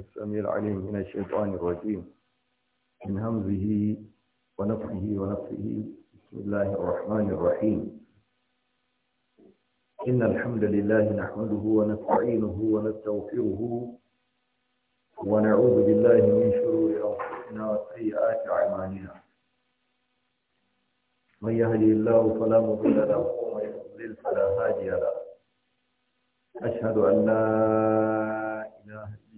السميع العليم من الشيطان الرجيم من همزه ونفخه ونفخه بسم الله الرحمن الرحيم إن الحمد لله نحمده ونستعينه ونستغفره ونعوذ بالله من شرور أنفسنا وسيئات أعمالنا من يهدي الله فلا مضل له ومن يضلل فلا هادي له أشهد أن لا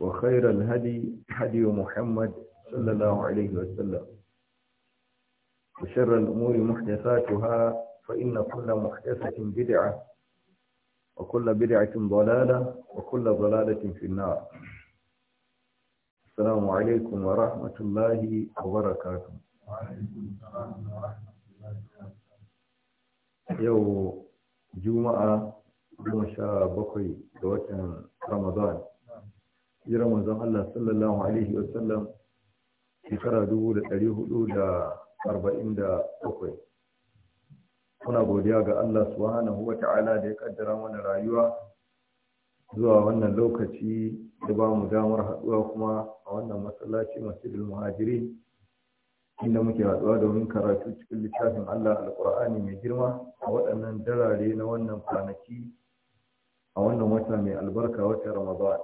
وخير الهدي هدي محمد صلى الله عليه وسلم وشر الأمور محدثاتها فإن كل محدثة بدعة وكل بدعة ضلالة وكل ضلالة في النار السلام عليكم ورحمة الله وبركاته وعليكم السلام ورحمة الله وبركاته يوم جمعة 17 ga watan hijirar manzon Allah sallallahu alaihi wa sallam shekara dubu da da arba'in da muna godiya ga Allah subhanahu wa ta'ala da ya kaddara mana rayuwa zuwa wannan lokaci da ba mu damar haɗuwa kuma a wannan masallaci masjidul muhajiri inda muke haɗuwa domin karatu cikin littafin Allah alƙur'ani mai girma a waɗannan darare na wannan kwanaki a wannan wata mai albarka wata ramadan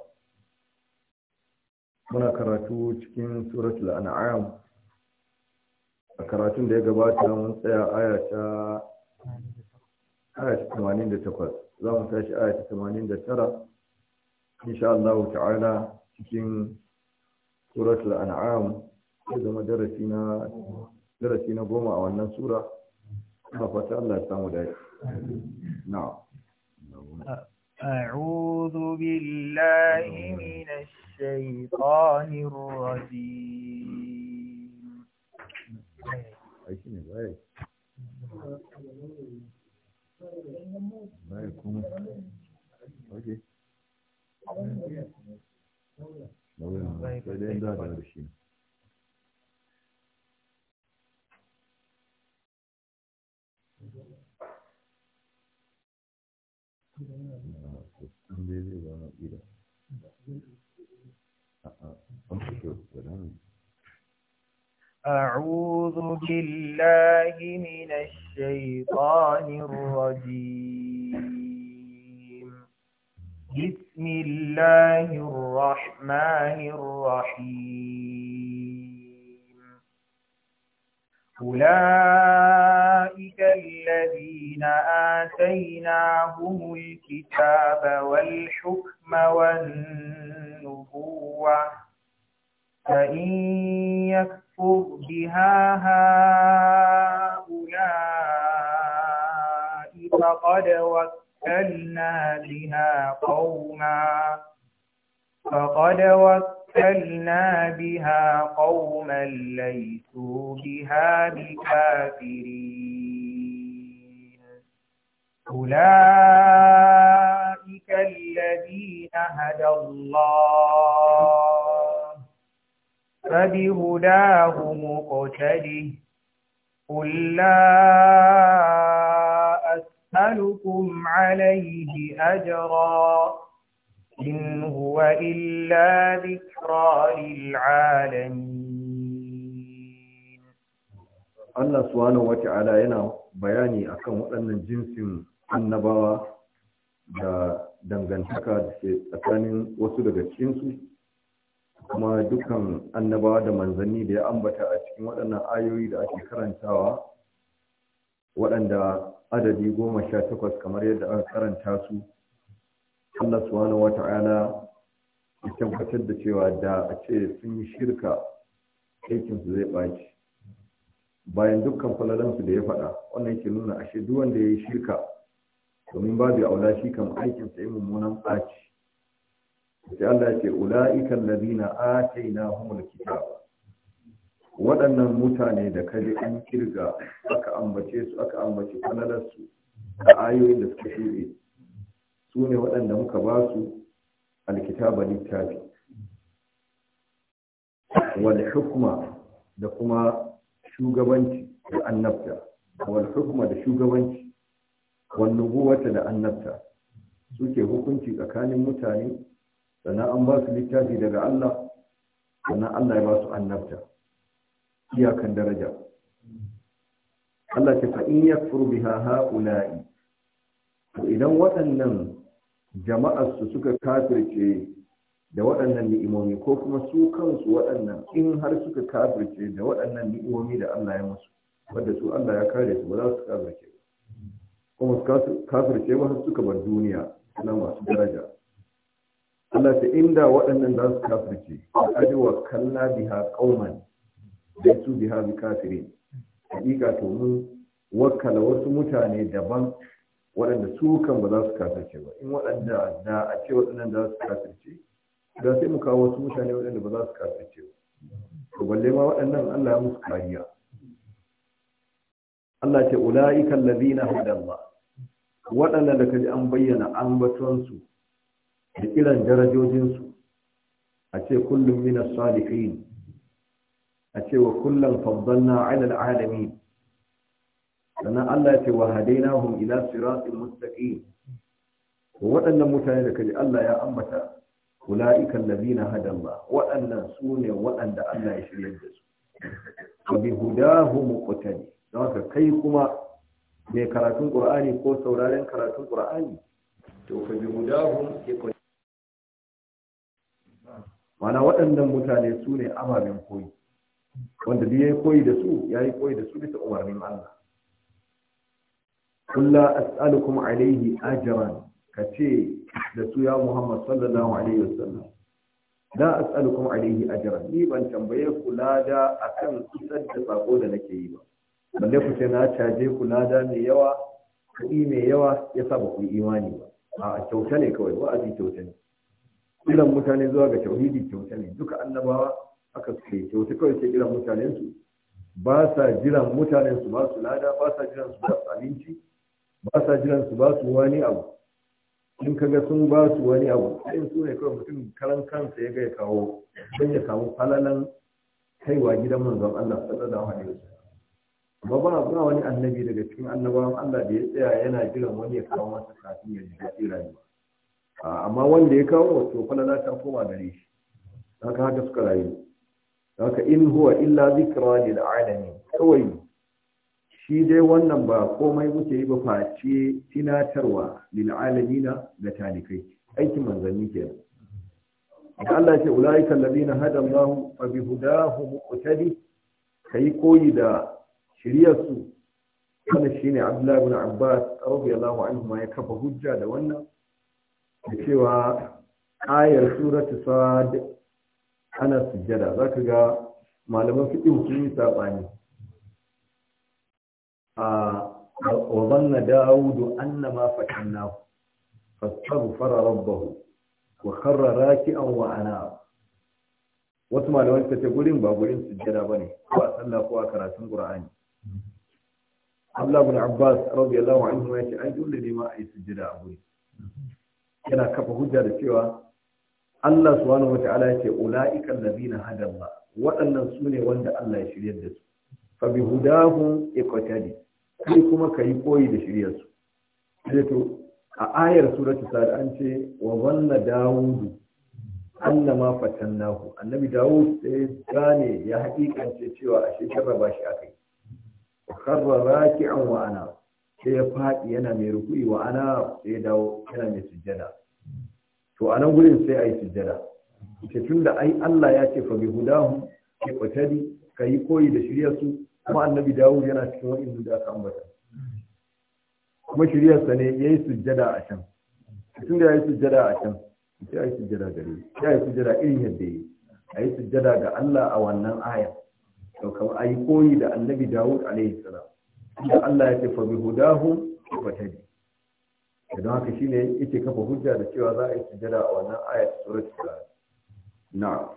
muna karatu cikin suratul an'am a karatun da ya gabata mun tsaya aya ta 88 za mu tashi aya ta 89 insha Allah ta'ala cikin suratul an'am ya zama darasi na goma a wannan sura ina fata Allah ya samu dai na'am أعوذ بالله من الشيطان الرجيم Thank you. dai zai zauna أعوذ بالله من الشيطان الرجيم بسم الله الرحمن الرحيم أولئك الذين آتيناهم الكتاب والحكم والنبوة فإن يكفر بها هؤلاء فقد وكلنا بها قوما فقد وكلنا أرسلنا بِهَا قَوْمًا لَيْسُوا بِهَا بِكَافِرِينَ أُولَئِكَ الَّذِينَ هَدَى اللَّهُ فَبِهُدَاهُ مُقْتَدِهِ قُل لَّا أَسْأَلُكُمْ عَلَيْهِ أَجْرًا إن هو إلا ذكرى للعالمين الله سبحانه وتعالى ينا bayani akan waɗannan jinsin annabawa da dangantaka da ke tsakanin wasu daga cikinsu kuma dukan annabawa da manzanni da ya ambata a cikin waɗannan ayoyi da ake karantawa waɗanda adadi goma sha takwas kamar yadda aka karanta su Allah subhanahu wa ta'ala ya tabbatar da cewa da a ce sun yi shirka aikinsu zai ɓaci bayan dukkan falalansu da ya faɗa wannan ke nuna ashe duk wanda ya yi shirka domin babu aula shi kan aikin yi mummunan ɓaci sai Allah ya ce ula'ikan ladina atainahumul kitaba waɗannan mutane da ji an kirga aka ambace su aka ambace falalarsu, da ayoyin da suka shuɗe su ne waɗanda muka ba su alkitaba littafi wal hukma da kuma shugabanci da annabta wal hukma da shugabanci wal nubuwata da annabta suke hukunci tsakanin mutane sannan an ba su littafi daga Allah sannan Allah ya ba su annabta iyakan daraja Allah ce fa furbi biha haula'i to idan waɗannan jama'ar su suka kafirce da waɗannan ni'imomi ko kuma su kansu waɗannan in har suka kafirce da waɗannan ni'imomi da Allah ya musu wanda su Allah ya kare su ba za su kafirce kuma su kafirce ba har suka bar duniya suna masu daraja Allah ta inda waɗannan za su kafirce wa kalla biha qauman da su biha bi kafirin hakika to mun wakala wasu mutane daban waɗanda su kan ba za su kasance ba in waɗanda da a ce waɗannan za su kasance da sai mu kawo wasu mutane waɗanda ba za su kasance ba to balle ma waɗannan Allah ya musu kariya Allah ce ulaika allazina hadalla waɗanda da kaji an bayyana ambaton su da irin darajojin su a ce kullum min as-salihin a ce wa kullum faddalna 'ala al-'alamin sannan Allah ya ce wa hadainahum ila siratin mustaqim waɗannan mutane da kaji Allah ya ambata ula'ikan ladina hadalla Allah waɗannan su ne waɗanda Allah ya shirya da su wa bi hudahu muqtadi don haka kai kuma mai karatun Qur'ani ko sauraren karatun Qur'ani to fa bi hudahu iqtadi mana waɗannan mutane su ne ababen koyi wanda duk koyi da su yayi koyi da su bisa umarnin Allah kula as'alukum alaihi ajran kace da su ya Muhammad sallallahu alaihi wasallam la as'alukum alaihi ajran ni ban tambaye ku lada akan isar da sako da nake yi ba balle ku ce na caje ku lada mai yawa kuɗi mai yawa yasa ba ku yi imani ba a kyauta ne kawai wa'azi kyauta ne kiran mutane zuwa ga tauhidi kyauta ne duka annabawa aka suke kyauta kawai ce kiran mutanen su ba sa jiran mutanen su ba su lada ba sa jiran su ba su abinci ba sa jiran su ba su wani abu in ka ga sun ba su wani abu sai su ne kawai mutum karan kansa ya ga ya kawo don ya kawo falalan kaiwa gidan manzon Allah sallallahu alaihi wasallam amma ba ba wani annabi daga cikin annabawan Allah da ya tsaya yana jiran wani ya kawo masa kafin ya ji rayuwa amma wanda ya kawo to falala ta koma gare shi haka haka suka rayu haka in huwa illa zikra lil alamin kawai shi dai wannan ba komai muke yi ba face tinatarwa lil alamina ga talikai aikin manzanni ke nan Allah ce ulaika allazina hada Allah fa bi hudahu muqtadi kai koyi da shiriyar su kana shine Abdullah ibn Abbas radiyallahu anhu ma ya kafa hujja da wannan da cewa ayar suratu sad ana sujjada zaka ga malaman fiqh sun yi sabani a zanna dawudu annama fatannahu fastaghfara rabbahu wa kharra raki'an wasu malaman ta ce gurin ba gurin sujjada ne, ko a sallah ko a karatun qur'ani Abdullah ibn Abbas radiyallahu anhu ya ce ai dole ne ma a yi sujjada a gurin yana kafa hujja da cewa Allah subhanahu wa ta'ala yace ulaika allazina hadalla waɗannan su ne wanda Allah ya shiryar da su fa bi iqtadi kai kuma ka yi koyi da shiryarsu sai to a ayar suratu sa'ad an ce wa zanna dawudu annama fatannahu annabi dawud sai gane ya hakikance cewa ashe shekara ba shi akai kharra raki'an wa ana sai ya faɗi yana mai ruku'i wa ana sai ya dawo yana mai sujjada to a nan gurin sai a yi sujjada ita tun ai Allah ya ce fa bi ki ka kai koyi da shiryarsu kuma annabi dawud yana cikin wa'in da aka ambata kuma shiriyarsa ne ya yi sujjada a can tun da ya yi sujjada a can sai ya yi sujjada gare ya yi sujjada irin yadda ya yi a yi sujjada ga Allah a wannan ayar to kamar a yi koyi da annabi dawud alaihi salam da Allah ya ce fa bi hudahu fa tadi don haka shine yake kafa hujja da cewa za a yi sujjada a wannan ayar suratul na'am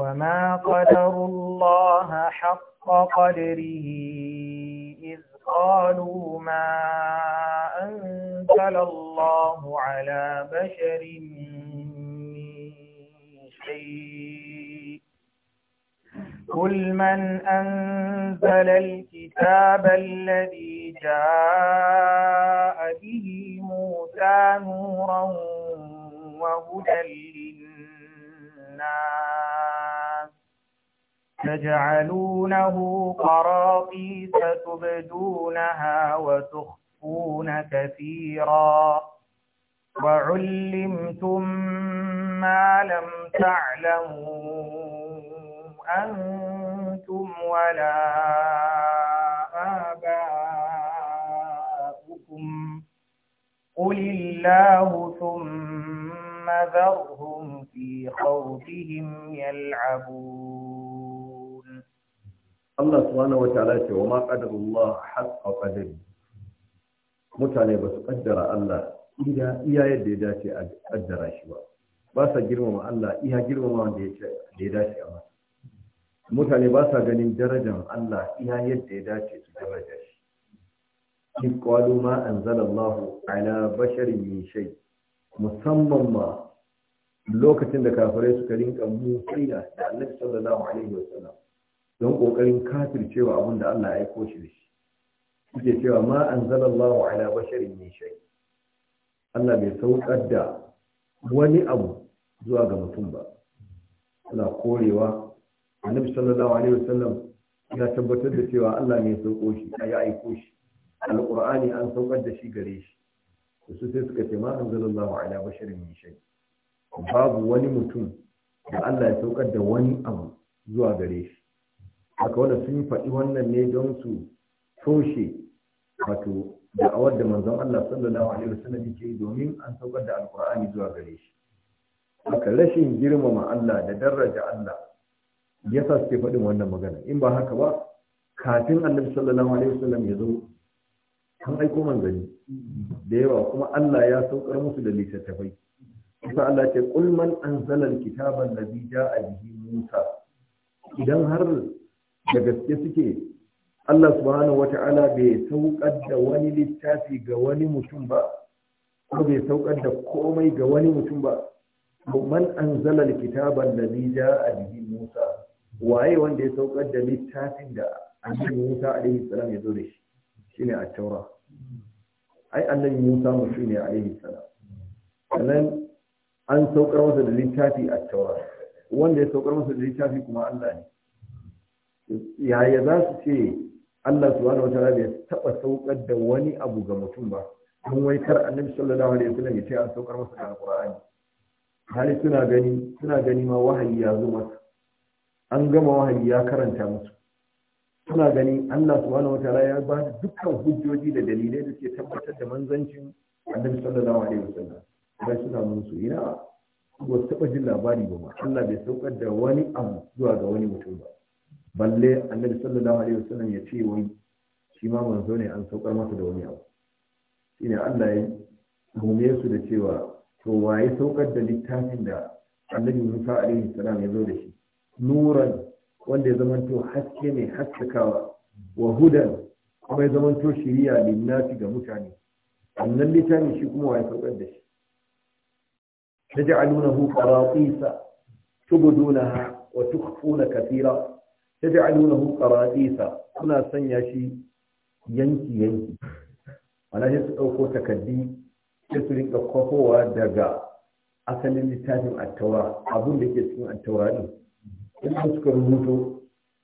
وما قدروا الله حق قدره إذ قالوا ما أنزل الله على بشر من شيء قل من أنزل الكتاب الذي جاء به موسى نورا وهدى الناس تجعلونه قراطيس تبدونها وتخفون كثيرا وعلمتم ما لم تعلموا أنتم ولا آباؤكم قل الله ثم ذرهم في خوفهم يلعبون الله سبحانه وتعالى وما قدر الله حق قدره mutane ba su kaddara Allah iya yadda ya dace a kaddara shi ba ba sa girmama Allah iya girmama da ya dace a masa mutane ba sa ganin darajar Allah iya yadda ya dace su daraja shi in qalu ma anzalallahu ala basharin min shai. musamman ma lokacin da kafirai suka rinka musayya da annabi sallallahu alaihi wasallam don kokarin cewa abin da Allah ya aiko shi da shi suke cewa ma anzalallahu ala basharin min shay Allah bai saukar da wani abu zuwa ga mutum ba suna korewa annabi sallallahu alaihi wasallam ya tabbatar da cewa Allah ne ya sauko shi ya aiko shi alqur'ani an saukar da shi gare shi su sai suka ce ma anzalallahu ala basharin min shay babu wani mutum da Allah ya saukar da wani abu zuwa gare shi haka wanda sun faɗi wannan ne don su toshe wato da'awar da manzon Allah sallallahu alaihi wasallam yake domin an saukar da alkur'ani zuwa gare shi haka rashin girmama Allah da daraja Allah yasa suke faɗin wannan magana in ba haka ba kafin annabi sallallahu alaihi wasallam ya zo an aiko manzanni da yawa kuma Allah ya saukar musu da littattafai Isa Allah ce kulman an zalar kitaban da ja bihi Musa. Idan har da gaske suke Allah subhanahu wa ta'ala bai saukar da wani littafi ga wani mutum ba, ko bai saukar da komai ga wani mutum ba. Man an zalar kitaban da ja a bihi Musa. Waye wanda ya saukar da littafin da annabi Musa alaihi salam ya zo da shi shine a taura ai annabi Musa mutum ne alaihi salam sannan an saukar masa da littafi a taura wanda ya saukar masa da littafi kuma Allah ne yaya za su ce Allah subhanahu wataala bai taba saukar da wani abu ga mutum ba don wai kar annabi sallallahu alaihi wasallam ya ce an saukar masa da alqur'ani hali suna gani suna gani ma wahayi ya zo masa an gama wahayi ya karanta musu suna gani Allah subhanahu wataala ya ba dukkan hujjoji da dalilai da ke tabbatar da manzancin annabi sallallahu alaihi wasallam ba suna su ina ba su taɓa jin labari ba ma Allah bai saukar da wani abu zuwa ga wani mutum ba balle annabi sallallahu alaihi wasallam ya ce wai shi ma manzo ne an saukar masa da wani abu shine Allah ya gome su da cewa to waye saukar da littafin da annabi Musa alaihi salam ya zo da shi nuran wanda ya to haske mai haskakawa wa hudan kuma ya zamanto shiriya linnati ga mutane annan littafin shi kuma waye saukar da shi تجعلونه قراطيس تبدونها وتخفون كثيرا تجعلونه قراطيس كنا سنيا شي yanki yanki ana sai su ɗauko takaddi sai su rinka kwafowa daga asalin littafin attaura abin da ke cikin attaura ɗin in suka rubuto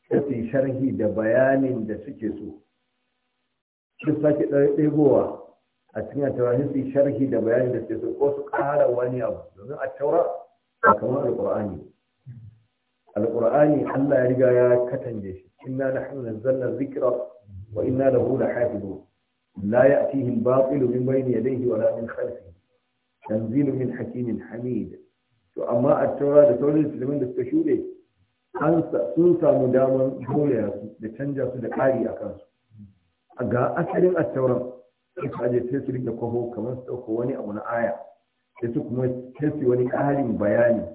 sai su yi sharhi da bayanin da suke so sai sake ɗaiɗaigowa a cikin attaura su sharhi da bayani da sai su ko su ƙara wani abu domin attaura ba kamar alƙur'ani alƙur'ani Allah ya riga ya katange shi inna nahnu nazzalna zikira wa inna lahu lahafizun la ya'tihi al-batil min bayni ya wa wala min khalfihi tanzilu min hakimin hamid to amma attaura da sauran musulmin da suka shuɗe sun samu damar dole su da canja su da ƙari a kansu ga asalin attauran sai su aje sai su kamar su ɗauko wani abu na aya sai su kuma sai su wani ƙarin bayani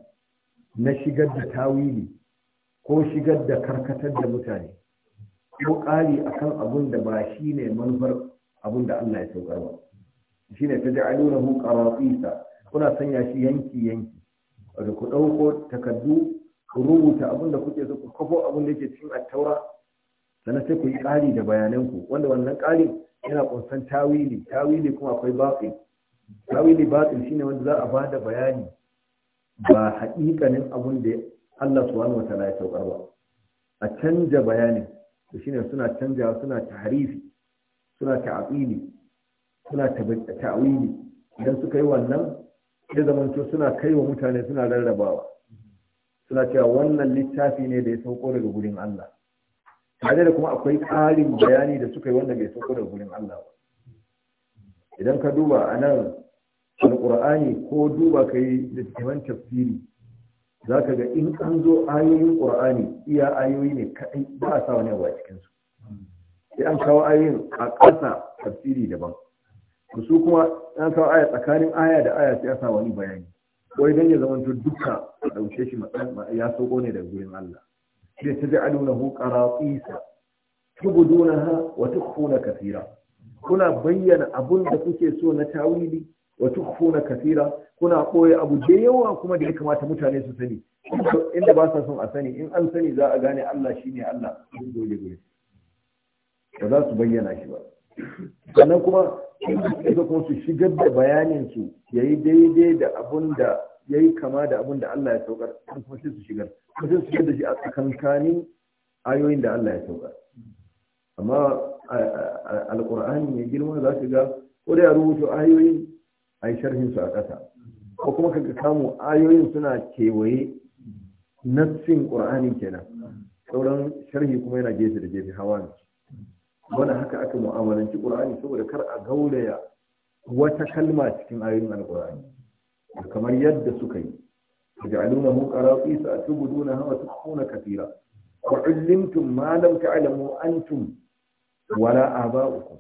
na shigar da tawili ko shigar da karkatar da mutane ko ƙari akan abun da ba shi ne manufar abun da Allah ya saukar ba shi ne ta ja'alunahu qaratisa kuna sanya shi yanki yanki wato ku ɗauko takardu ku rubuta abun da kuke so ku kafo abin da yake cikin attaura sannan sai ku yi ƙari da bayananku wanda wannan ƙarin yana kunsan tawili tawili kuma akwai batil tawili shi ne wanda za a ba da bayani ba haƙiƙanin abin da Allah wani wata ya saukar ba a canja bayanin shi ne suna canja suna tahrifi suna ta'abili suna ta'awili idan suka yi wannan ya zamanto suna kai wa mutane suna rarrabawa suna cewa wannan littafi ne da ya sauko daga gurin Allah tare da kuma akwai ƙarin bayani da suka yi wanda bai sauko da gurin Allah ba idan ka duba a nan alƙur'ani ko duba ka yi littattafan tafsiri za ka ga in an zo ayoyin ƙur'ani iya ayoyi ne kaɗai ba a sa wani abu a cikinsu sai an kawo ayoyin a ƙasa tafsiri daban ku su kuma an kawo aya tsakanin aya da aya sai a sa wani bayani ko idan ya zamanto duka a ɗauke shi ya sauko ne daga gurin Allah yatajalunahu na tubdunaha wa tukhfuna kathira kuna bayyana abun da kuke so na tawili wa tukhfuna kathira kuna koya abu da yawa kuma da ya kamata mutane su sani inda ba sa son a sani in an sani za a gane Allah shine Allah goje ba za su bayyana shi ba sannan kuma su shigar da bayanin su yayi daidai da abun da ya yi kama da abin da Allah ya saukar kuma sai su shigar kuma su shigar da shi a tsakankanin ayoyin da Allah ya saukar amma alqur'ani mai girma za su ga ko da ya rubuta ayoyin a yi sharhin su a ƙasa ko kuma ka kamo ayoyin suna kewaye nassin ƙur'ani kenan sauran sharhi kuma yana gefe da gefe hawa ne wani haka aka mu'amalanci ƙur'ani saboda kar a gauraya wata kalma cikin ayoyin Al-ƙur'ani. kamar yadda suka yi taj'alunahu qaratis hawa wa tukhuna katira wa 'allamtum ma lam ta'lamu antum wala aba'ukum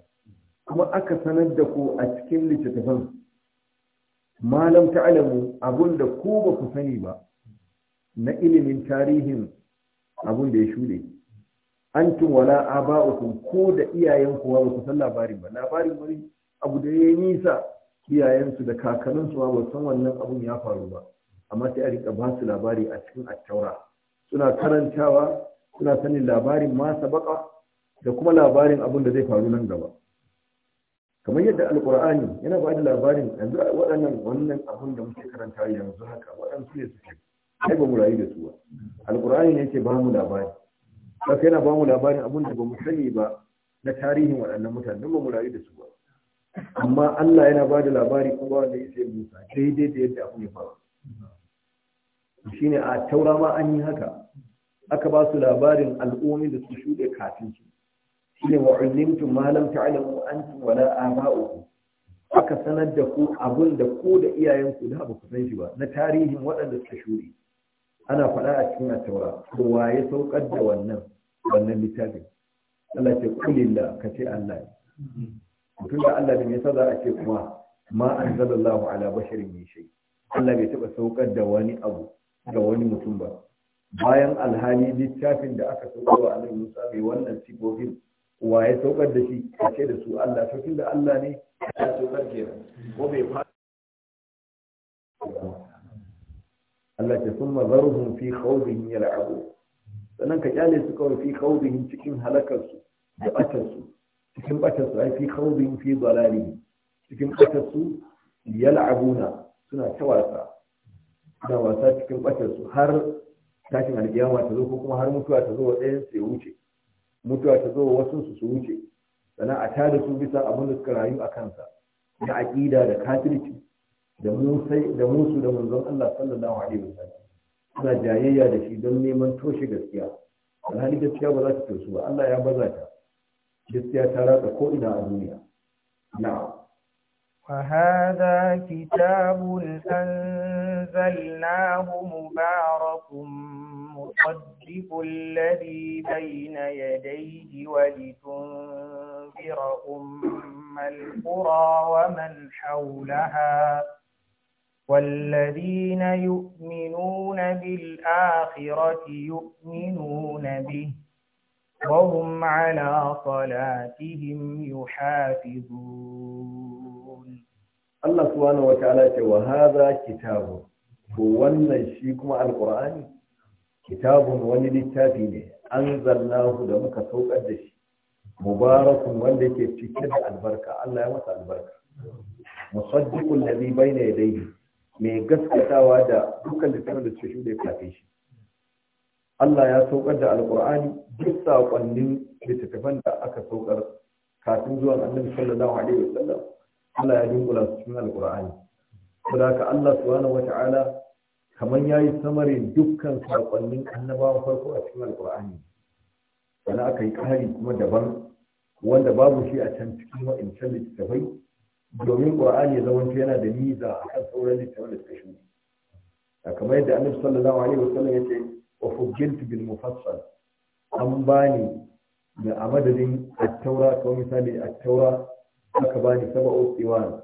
kuma aka sanar da ku a cikin littafin ma lam ta'lamu abunda ku ba ku sani ba na ilimin tarihin abun da ya shuɗe antum wala aba'ukum ko da iyayen ku ba ku san labarin ba labarin wani abu da ya nisa iyayensu da kakanninsu ma ba san wannan abun ya faru ba amma sai a rika ba su labari a cikin attaura suna karantawa suna sanin labarin ma sabaka da kuma labarin abun da zai faru nan gaba kamar yadda alkur'ani yana ba da labarin yanzu waɗannan wannan abun da muke karanta yanzu haka waɗansu ne suke ai ba mu rayu da su ba alkur'ani ne ke ba mu labari haka yana ba mu labarin abun da ba mu sani ba na tarihin waɗannan mutane ba mu rayu da su amma Allah yana ba da labari kuma wanda ya sai Musa daidai da yadda abu ya faru ne a taura ma an yi haka aka ba su labarin al'ummi da su shuɗe kafin su shine wa ulimtum malam lam ta'lamu antum wala aba'ukum aka sanar da ku abin da ku da iyayenku da ba ku san shi ba na tarihin waɗanda suka shuɗe ana faɗa a cikin attaura kowa ya saukar da wannan wannan littafin Allah ce kulillah ka ce Allah mutum da Allah da yasa za a ce kuma ma anzalallahu ala basharin min shai. Allah bai taɓa saukar da wani abu ga wani mutum ba bayan alhali littafin da aka saukar wa Annabi Musa mai wannan sifofin wa ya saukar da shi a ce da su Allah to da Allah ne ya saukar ke ko bai fa Allah ta summa zarhum fi khawdihim yal'abu sannan ka kyale su kawai fi khawdihim cikin halakarsu da batarsu cikin ɓatar su ai fi khawdin fi dalali cikin ɓatar su yal'abuna suna ta wasa suna wasa cikin ɓatar su har tashin alkiyama ta zo ko kuma har mutuwa ta zo wa ɗayan su ya wuce mutuwa ta zo wa wasu su su wuce sannan a tada su bisa abin da suka rayu a kansa na aƙida da kafirci da musu da manzon Allah sallallahu alaihi wasallam suna jayayya da shi don neman toshe gaskiya alhali gaskiya ba za ta tosu ba Allah ya baza ta gaskiya ta ko ina a duniya وهذا كتاب أنزلناه مبارك مصدق الذي بين يديه ولتنذر أم القرى ومن حولها والذين يؤمنون بالآخرة يؤمنون به وهم على صلاتهم يحافظون الله سبحانه وتعالى وهذا كتاب wannan shi kuma alkur'ani kitabun wani littafi ne an zallahu da muka sauƙar da shi mubarakun wanda ke cike da albarka Allah ya masa albarka musaddiqul ladhi bayna yadayhi mai gaskatawa da dukkan littafin da suke shuɗe kafin shi Allah ya saukar da alkur'ani duk saƙonnin littattafan da aka saukar kafin zuwan annabi sallallahu alaihi wasallam Allah ya dunkula su cikin alkur'ani saboda ka Allah subhanahu wata'ala kamar yayi samare dukkan saƙonnin annabawan farko a cikin alkur'ani sannan aka yi ƙari kuma daban wanda babu shi a can cikin wa'incan littattafai domin ƙur'ani ya zamanto yana da niza a kan sauran littattafan da suka shi kamar yadda annabi sallallahu alaihi wasallam ya ce wa fujjintu bil mufassal an bani da a madadin attaura ko misali attaura aka bani sab'u tsiwan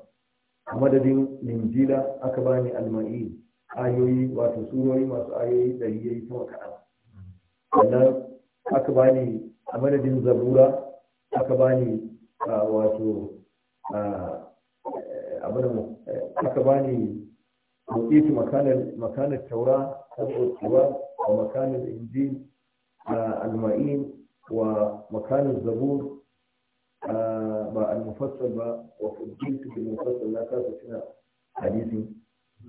a madadin linjila aka bani alma'i ayoyi wato surori masu ayoyi ɗari yayi sama kaɗan sannan aka a madadin zabura aka bani wato abin makanar taura sab'u ومكان الإنجيل المعين ومكان الزبور المفصل وفضلت بالمفصل لا كاسو حديثي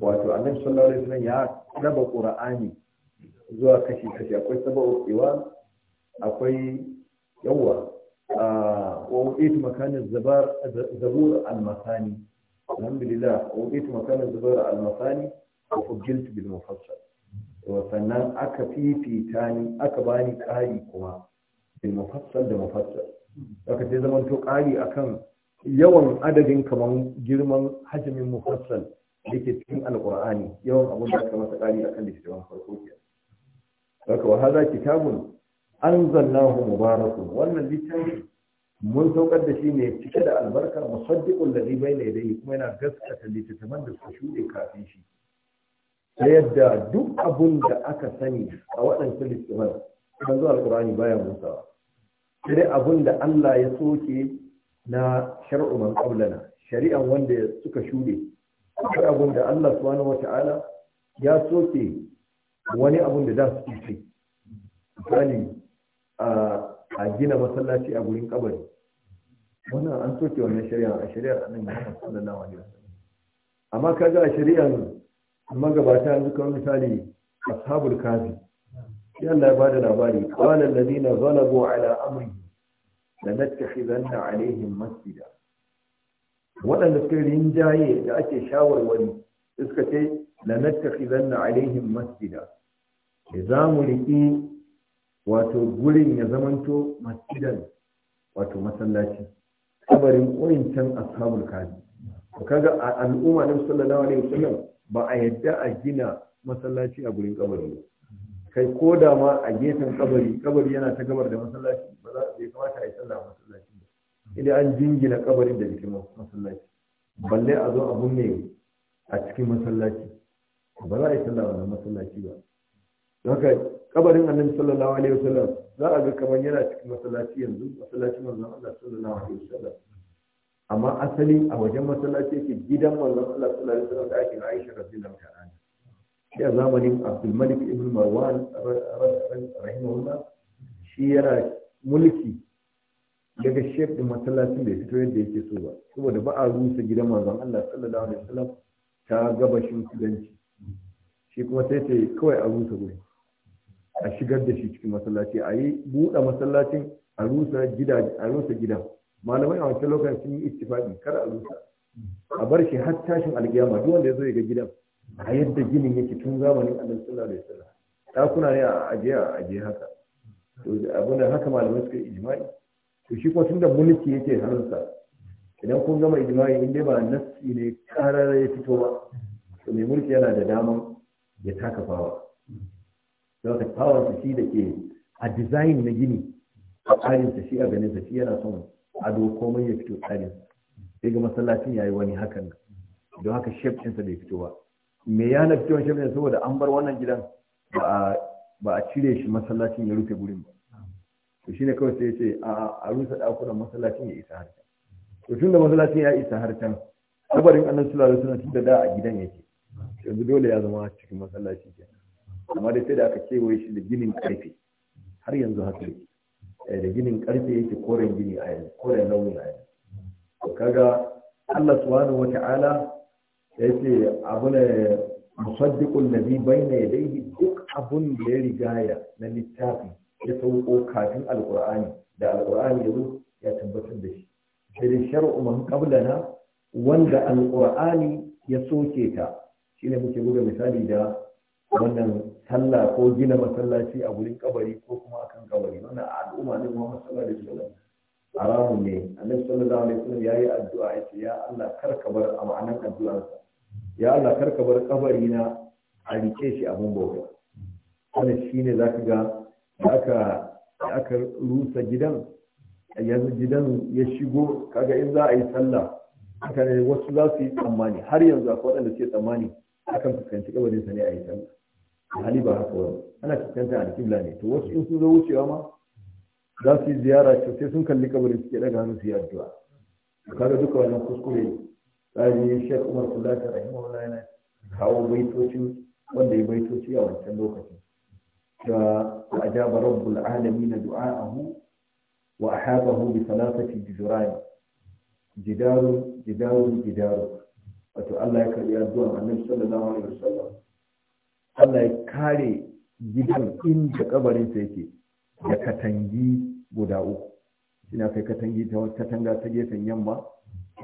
wato annabi sallallahu alaihi wasallam ya raba qur'ani zuwa kashi kashi akwai sabau iwa akwai yawa wa wuqit makan zabar zabur al masani alhamdulillah wuqit makan zabar al masani wa fujilt bil mufassal to sannan aka fifita ni aka bani ƙari kuma bil mufassal da mufassal aka sai zaman to ƙari akan yawan adadin kamar girman hajimin mufassal ke cikin alqur'ani yawan abun da aka masa ƙari akan littafin farko ke haka wa hadha kitabun anzalnahu mubarakun wannan littafi mun saukar da shi ne cike da albarka musaddiqul ladhi bayna yadayhi kuma yana gaskata littafin da suka shuɗe kafin shi ta yadda duk abun da aka sani a waɗansu littafan kan zuwa Alƙur'ani baya musawa sai dai abun da Allah ya soke na shar'u man qablana shari'an wanda suka shuɗe Sai abun da Allah subhanahu wata'ala ya soke wani abun da za su ce misali a gina masallaci a gurin kabari wannan an soke wannan shari'a a shari'ar annabi Muhammad sallallahu alaihi wasallam amma kaga a shari'ar amma gabata yanzu kawai misali ashabul kafi sai Allah ya bada labari qala alladhina zalabu ala amri lanattakhidanna alaihim masjida waɗanda suka rinjaye da ake shawarwari suka ce lanattakhidanna alaihim masjida za mu riƙi wato gurin ya zamanto masjidan wato masallaci kabarin ƙoyin can ashabul kafi kaga al'umma na sallallahu alaihi wasallam ba a yadda a gina masallaci a gurin kabari kai ko da ma a gefen kabari kabari yana ta gabar da masallaci ba za bai kamata a yi sallah masallaci ba idan an jingina kabarin da jikin masallaci balle a zo a bunne a cikin masallaci ba za a yi sallah wannan masallaci ba don haka kabarin annabi sallallahu alaihi wasallam za a ga kamar yana cikin masallaci yanzu masallacin manzon Allah sallallahu alaihi wasallam amma asali a wajen masallaci yake gidan manzon Allah sallallahu alaihi wasallam da ake Aisha radhiyallahu ta'ala shi a zamanin Abdul Malik ibn Marwan rahimahullah shi yana mulki daga shef din masallacin da ya fito yadda yake so ba saboda ba a rusa gidan manzon Allah sallallahu alaihi wasallam ta gabashin kudanci shi kuma sai ta kawai a rusa guri a shigar da shi cikin masallaci a yi buɗe masallacin a rusa gidan malamai a wancan lokacin sun yi ittifaqi kar a rusa a bar shi har tashin alƙiyama duk wanda ya zo ya ga gidan a yadda ginin yake tun zamanin annabi sallallahu alaihi wasallam kuna ne a ajiya a ajiye haka to abin da haka malamai suka ijma'i to shi kuma tunda mulki yake hannunsa idan kun gama ijma'i in dai ba nassi ne karara ya fito ba to mai mulki yana da daman ya taka fawa don ka fawa shi da ke a design na gini a tsarin shi a ganin shi yana son ado komai ya fito tsari sai ga masallacin yayi wani hakan don haka shef ɗinsa bai fito ba me ya na fito shef ɗinsa saboda an bar wannan gidan ba a cire shi masallacin ya rufe gurin ba to shine kawai sai ya ce a rusa ɗakunan masallacin ya isa harta. to tun da masallacin ya isa harta, kabarin annan sulala suna tun da da a gidan yake yanzu dole ya zama cikin masallaci kenan amma dai sai da aka kewaye shi da ginin karfe har yanzu haka yake Eh, da ginin karfe yake koren gini a yanzu koren launi a yanzu kaga Allah subhanahu wata'ala yace abu ne musaddiqul ladhi bayna yadayhi duk abun da ya rigaya na littafi ya sauko kafin alqur'ani da alqur'ani yazo ya tabbatar da shi sai da shar'u man qablana wanda alqur'ani ya soke ta shine muke buga misali da wannan sallah ko gina masallaci a gurin kabari ko kuma akan kabari wannan al'umma ne kuma sallallahu alaihi wasallam haramun ne annabi sallallahu alaihi wasallam yayi addu'a yace ya Allah kar ka bar a ma'anar addu'arsa ya Allah kar ka bar kabari na a rike shi abun bauta wannan shine zaka ga aka aka rusa gidan yanzu gidan ya shigo kaga in za a yi sallah haka ne wasu za su yi tsammani har yanzu akwai waɗanda suke tsammani akan fuskanci kabarin sa ne a yi sallah hali ba haka wani ana a alƙibla ne to wasu in sun zo wucewa ma za su yi ziyara to sai sun kalli kabarin suke daga hannu su yi addu'a kaga duka wannan kuskure tsari shek umar kullata rahimahullah yana kawo baitocin wanda ya baitoci a wancan lokacin cewa ajaba rabbul alamin du'a'ahu wa ahabahu bi salatati jizrani jidaru jidaru jidaru wato Allah ya karbi addu'a annabi sallallahu alaihi wasallam Allah ya kare gidan inda kabarinsa yake da katangi guda uku ina kai katangi ta katanga ta gefen yamma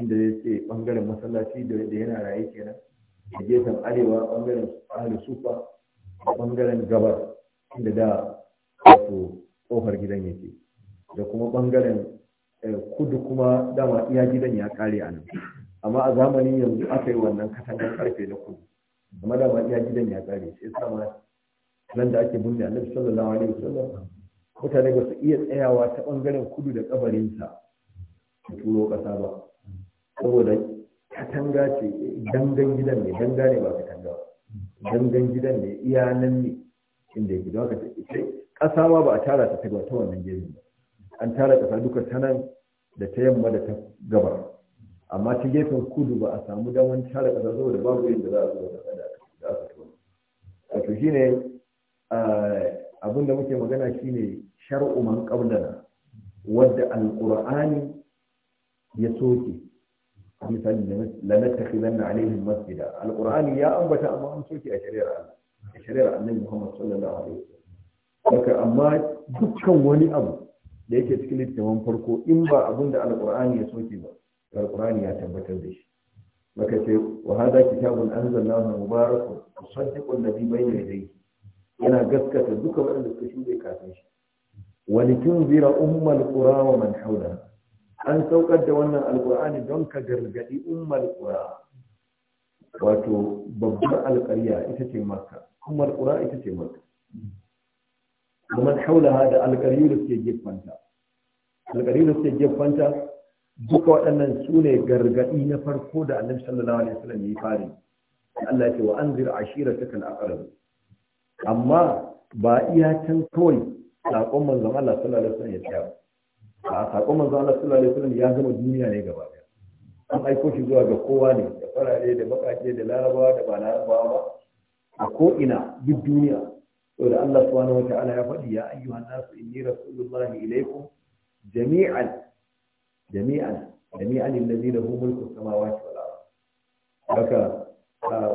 inda ya ce bangaren masallaci da yana raye kenan da gefen arewa bangaren ahli sufa da bangaren gabar inda da wato kofar gidan yake da kuma bangaren eh, kudu kuma dama iya gidan ya kare a nan amma a zamanin yanzu aka yi wannan katangar karfe na kudu amma da ba iya gidan ya tsare shi yasa ma nan da ake binne annabi sallallahu alaihi wasallam mutane ba su iya tsayawa ta bangaren kudu da kabarinsa su turo kasa ba saboda katanga ce dangan gidan ne danga ne ba katanga ba dangan gidan ne iya nan ne inda yake don haka kasa ma ba a tara ta ta wannan gidan ba an tara kasa duka ta nan da ta yamma da ta gabar amma ta gefen kudu ba a samu daman tara ƙasa saboda babu yadda za a da tsada da aka tona wato ne abin da muke magana shi ne shar'uman qablana wadda alqur'ani ya soke misali lanattakhidanna alaihim masjida alqur'ani ya ambata amma an soke a shari'ar Allah a shari'ar Annabi Muhammad sallallahu alaihi wasallam haka amma dukkan wani abu da yake cikin littafin farko in ba abin da alqur'ani ya soke ba alqur'ani ya tabbatar da shi maka ce wa hada kitabun anzalnahu mubarakun musaddiqun ladhi bayna yadayhi yana gaskata duka waɗanda suka shuɗe kafin shi wa litunzira ummal qura wa man an saukar da wannan alqur'ani don ka gargadi ummal wato babbar alƙarya ita ce maka. ummal ita ce maka. wa man da alƙaryu da suke gefanta alƙaryu da suke gefanta duka waɗannan su ne gargaɗi na farko da annabi sallallahu alaihi wasallam ya fara Allah ya ce wa anzir ashiratakal aqrab amma ba iya can kawai saƙon manzon Allah sallallahu alaihi wasallam ya tsaya ba saƙon manzon Allah sallallahu alaihi wasallam ya gama duniya ne gaba ɗaya an aiko shi zuwa ga kowa ne da farare da baƙaƙe da larabawa da ba larabawa ba a ko ina duk duniya saboda Allah subhanahu wataala ya faɗi ya ayyuhan nasu inni rasulullahi ilaikum jami'an jami'an jami'an allazi lahu mulku samawati wal ard haka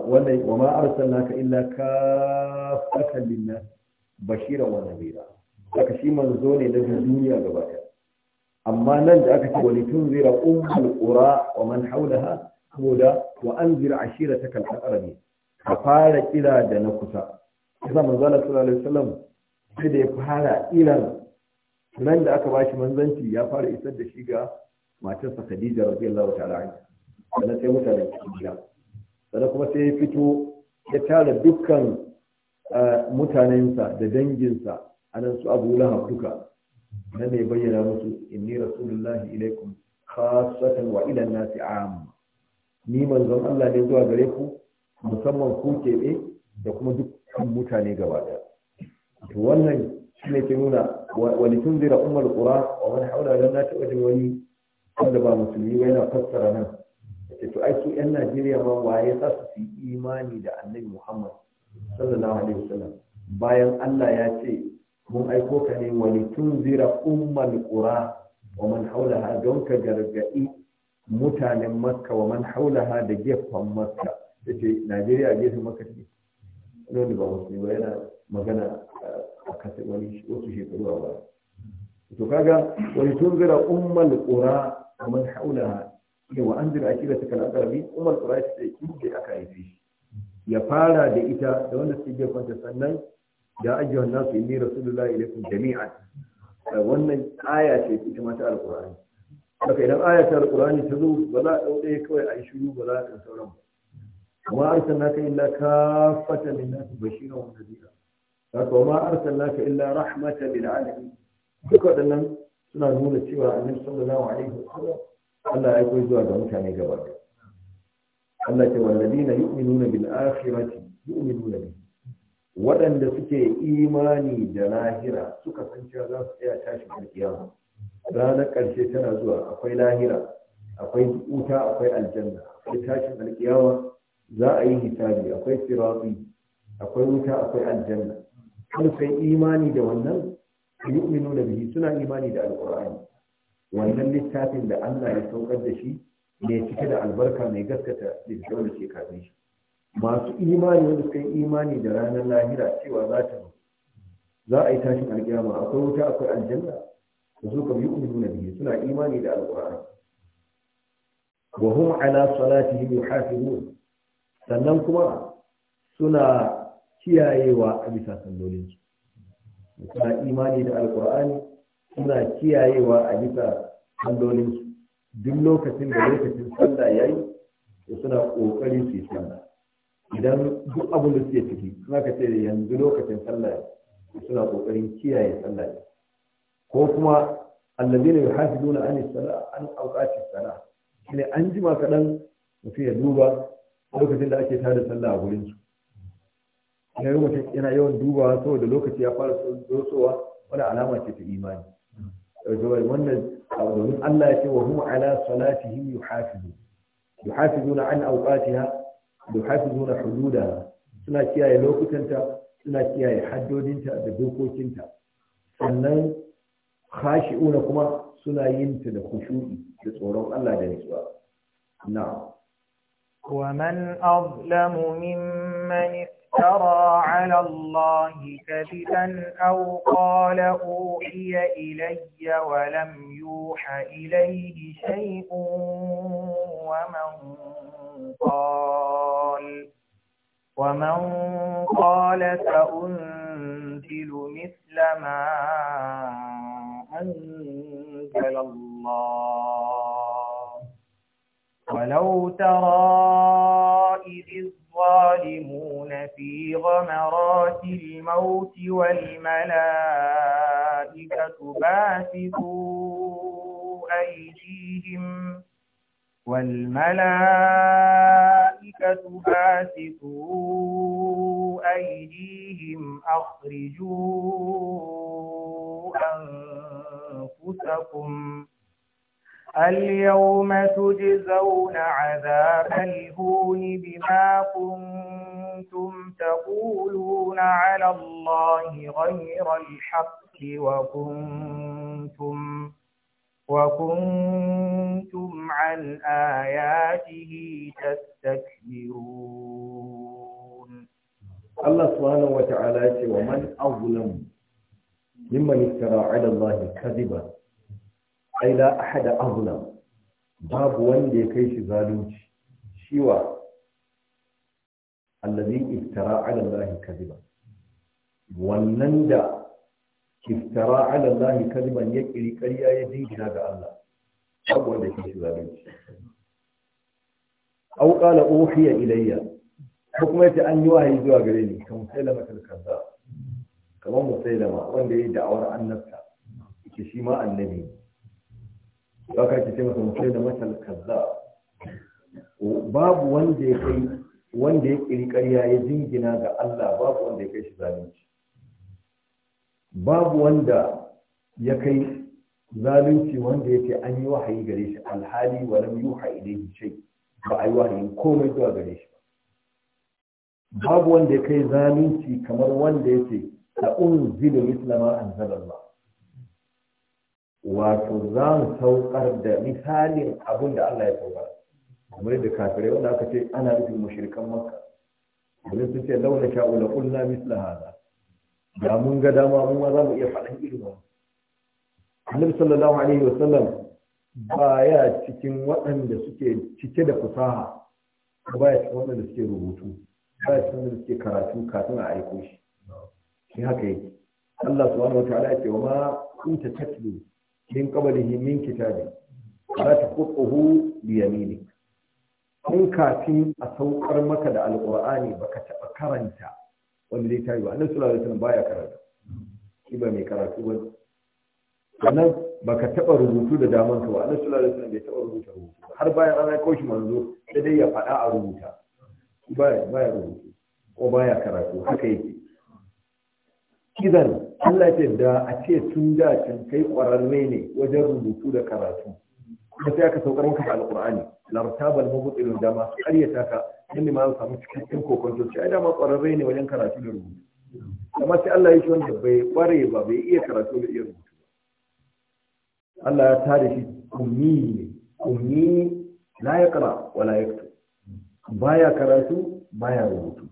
wannan wa ma arsalnaka illa kaffatan linnas bashiran wa nadhira haka shi manzo ne da duniya gaba ɗaya amma nan da aka ce wa litunzira ummul qura wa man hawlaha saboda wa anzir ashirataka al-aqrabin ka fara kira da na kusa kuma manzo Allah sallallahu alaihi wasallam sai da ya fara kiran Nan da aka bashi manzanci ya fara isar da shi ga matarsa Khadija radiyallahu ta'ala anha sannan sai mutanen cikin gida sannan kuma sai ya fito ya tara dukkan mutanensa da danginsa anan su Abu Lahab duka nan ne bayyana musu inni rasulullahi ilaikum khassatan wa ila nasi am ni manzon Allah ne zuwa gare ku musamman ku keɓe da kuma dukkan mutane gaba ɗaya to wannan shine ke nuna wani tun zira umar kura a wani haula don na taɓa jin wani wanda ba musulmi ba yana fassara nan ce to ai su yan najeriya ma waye za su yi imani da annabi muhammad sallallahu alaihi wasallam bayan allah ya ce mun aiko ka ne wani tun zira umar kura wa man don ka gargaɗi mutanen makka wa da gefen makka da ce gefen wani ba musulmi ba magana eh, a kasa wani wasu shekaru a baya to kaga wani tun zira ummal qura man haulaha ya wa anzir akirataka al-aqrabi ummal qura ta ce da aka yi shi ya fara da ita da wanda suke kwanta sannan ya ajiyar nasu inni rasulullahi ilaikum jami'an eh, wannan aya ce ita ma ta alqur'ani haka idan aya ta alqur'ani ta zo ba za a ɗaya kawai a yi shiru ba za a ɗan sauran ba amma arsalnaka illa kafatan lin-nasi bashiran wa nadhira haka ma arsalnaka illa rahmatan lil alamin duk waɗannan suna nuna cewa annabi sallallahu alaihi wasallam Allah ya aiko zuwa ga mutane gaba ɗaya Allah ce walladina yu'minuna bil akhirati yu'minuna bi waɗanda suke imani da lahira suka san cewa za su tsaya tashi a kiyama ranar ƙarshe tana zuwa akwai lahira akwai wuta akwai aljanna akwai tashin alkiyama za a yi hisabi akwai sirati akwai wuta akwai aljanna har sai imani da wannan yu'minu da bihi suna imani da alqur'ani wannan littafin da Allah ya saukar da shi ne cike da albarka mai gaskata littafin da ke kafin shi masu imani wanda suka yi imani da ranar lahira cewa za ta za a yi tashin alkiyama akwai wuta akwai aljanna da su kam yu'minu da bihi suna imani da alqur'ani wa hum ala salatihim yuhafizun sannan kuma suna kiyayewa a bisa sallolinsu suna imani da alkur'ani suna kiyayewa a bisa sallolinsu duk lokacin da lokacin sallah ya yi suna ƙoƙari su yi sallah idan duk abin da suke ciki suna ka ce yanzu lokacin sallah suna ƙoƙarin kiyaye sallah ko kuma allazi ne nuna an sallah an awqati sallah shine an jima kaɗan mutum ya duba lokacin da ake tada sallah a gurin su ya mutum yana yawan dubawa saboda lokaci ya fara tsotsowa wani alama ce ta imani wannan domin Allah ya ce wa hum ala salatihim yuhafizu yuhafizuna an awqatiha yuhafizuna hududaha suna kiyaye lokutanta suna kiyaye haddodinta da dokokinta sannan khashi'una kuma suna yin ta da khushu'i da tsoron Allah da nutsuwa na'am ومن أظلم ممن افترى على الله كذبا أو قال أوحي إلي ولم يوح إليه شيء ومن قال ومن قال سأنزل مثل ما أنزل الله ولو ترى إذ الظالمون في غمرات الموت والملائكة باسطوا أيديهم والملائكة باسطوا أيديهم أخرجوا أنفسكم ۖ اليوم تجزون عذاب الهون بما كنتم تقولون على الله غير الحق وكنتم وكنتم عن آياته تستكبرون الله سبحانه وتعالى ومن أظلم ممن افترى على الله كذبا ai la ahada azlam babu wanda ya kai shi zalunci shiwa allazi iftara ala allahi kadiba wannan da iftara ala allahi kadiban ya kiri ƙarya ya dingina ga Allah babu wanda ya kai shi zalunci au qala uhiya ilayya ko kuma yace an yi wahayi zuwa gare ni Kamar musailama kalkaza kamar musailama wanda ya yi da'awar annabta yake shi ma annabi ne ba ka ce masa mutum da matal kaza babu wanda ya kai wanda ya kiri ya ya jingina ga Allah babu wanda ya kai shi zalunci babu wanda ya kai zalunci wanda ya ce an yi wahayi gare shi alhali wa lam yuha ilayhi shay ba a yi wahayi komai zuwa gare shi babu wanda ya kai zalunci kamar wanda ya ce la unzilu mislama anzalallah wato za mu saukar da misalin abin da Allah ya saukar kamar da kafirai wanda aka ce ana nufin mushrikan makka domin sun ce launa sha'u la qulna misla hada da mun ga dama mun ma za mu iya fadan irin wannan annabi sallallahu alaihi wasallam baya cikin waɗanda suke cike da fasaha baya cikin waɗanda suke rubutu baya cikin waɗanda suke karatu kafin a aiko shi shi haka yake Allah subhanahu wa ta'ala ya ce wa ma kunta tatlu min qablihi min kitabi la taqutuhu bi yaminik kun kafin a saukar maka da alqur'ani baka taba karanta wanda zai tayi ba annabi sallallahu alaihi wasallam baya karanta shi ba mai karatu ba sannan baka taba rubutu da daman ka ba annabi sallallahu alaihi wasallam bai taba rubuta rubutu har bayan an aika shi manzo sai dai ya faɗa a rubuta baya baya rubutu ko baya karatu haka yake idan Allah ce da a ce tun da can kai ƙwararre ne wajen rubutu da karatu kuma sai aka saukar maka da alƙur'ani lartabal mabutsirin da masu ƙaryata ka don ma samu cikakken kokonto ce ai da ƙwararre ne wajen karatu da rubutu amma sai Allah ya shi wanda bai ƙware ba bai iya karatu da iya rubutu Allah ya tare shi ummi ne ummi la yaqra wa la yaktub baya karatu baya rubutu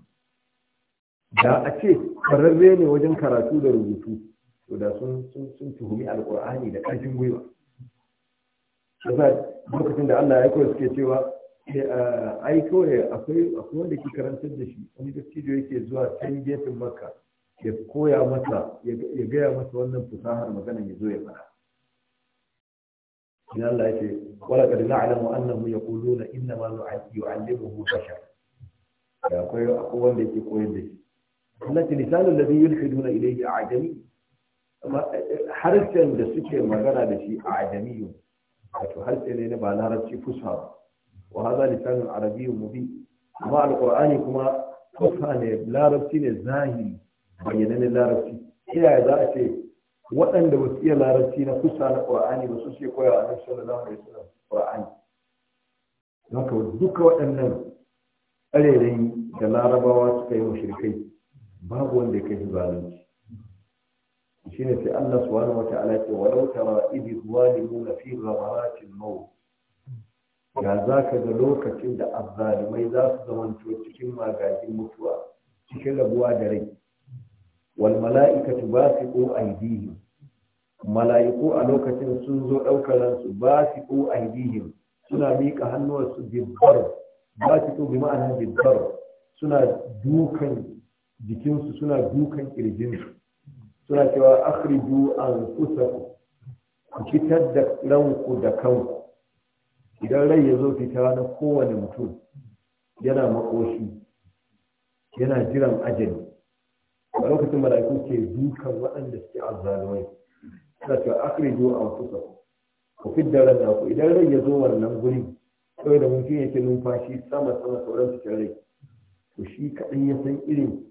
da a ce ƙwararre ne wajen karatu da rubutu to da sun sun tuhumi alƙur'ani da ƙarfin gwiwa yasa lokacin da Allah ya kawai suke cewa eh, ai kawai akwai akwai wanda ke karantar da shi wani dattijo yake zuwa can gefen makka ya koya masa ya gaya masa wannan fasahar magana ya zo ya fara in Allah ya ce wala kad na'lamu annahu yaquluna inna ma yu'allimuhu bashar da akwai akwai wanda yake koyar da shi التي لسان الذي يلحدون إليه أعجمي harshen da suke magana da shi a ajamiyu wato harshe ne na ba larabci fusa ba wa haza lisanun arabiyyun mubi amma alqur'ani kuma fusa ne larabci ne zahiri bayyanannen larabci ta yaya za a ce waɗanda ba iya larabci na fusa na qur'ani ba su suke koya wa annabi sallallahu alaihi wasallam qur'ani haka duka waɗannan ƙarerayi da larabawa suka yi mushrikai babu wanda ya kai zalunci shine sai Allah subhanahu wata'ala ce law tara idh zalimuna fi ghamaratil maut ya zaka ka ga lokacin da azzalimai za su zama cikin magajin mutuwa cikin rabuwa da rai wal mala'ikatu basiqu aydihim mala'iku a lokacin sun zo daukar ransu basiqu aydihim suna miƙa hannuwarsu bibbar basiqu bi ma'ana bibbar suna dukan jikinsu suna dukan kirjinsu suna cewa akhriju an kusaku ku fitar da ranku da kanku idan rai ya zo fita na kowane mutum yana makoshi yana jiran ajali a lokacin mala'iku ke dukan waɗanda suke azzalumai suna cewa akhriju an kusaku ku fidda da ranku idan rai ya zo wannan guri sai da mutum yake numfashi sama sama sauran cikin rai to shi kaɗan ya san irin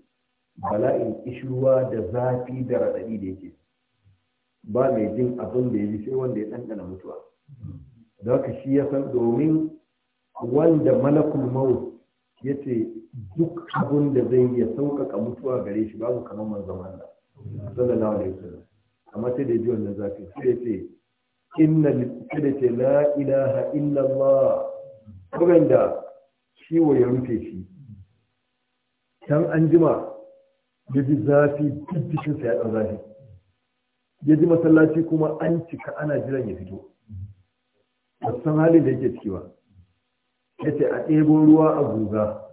bala'in kishirwa da zafi da raɗaɗi da yake ba mai jin abin da ya ji sai wanda ya ɗanɗana mutuwa da haka shi ya san domin wanda malakul maut ya ce duk abin da zai ya sauƙaƙa mutuwa gare shi babu kamar manzon Allah sallallahu alaihi wasallam amma sai da ji wannan zafi sai ya ce inna da ce la ilaha illallah bugan da ciwo ya rufe shi can an jima ya ji zafi cikin sa ya ɗan zafi ya ji masallaci kuma an cika ana jiran ya fito ba san halin da yake ciki ba ya ce a ɗebo ruwa a guga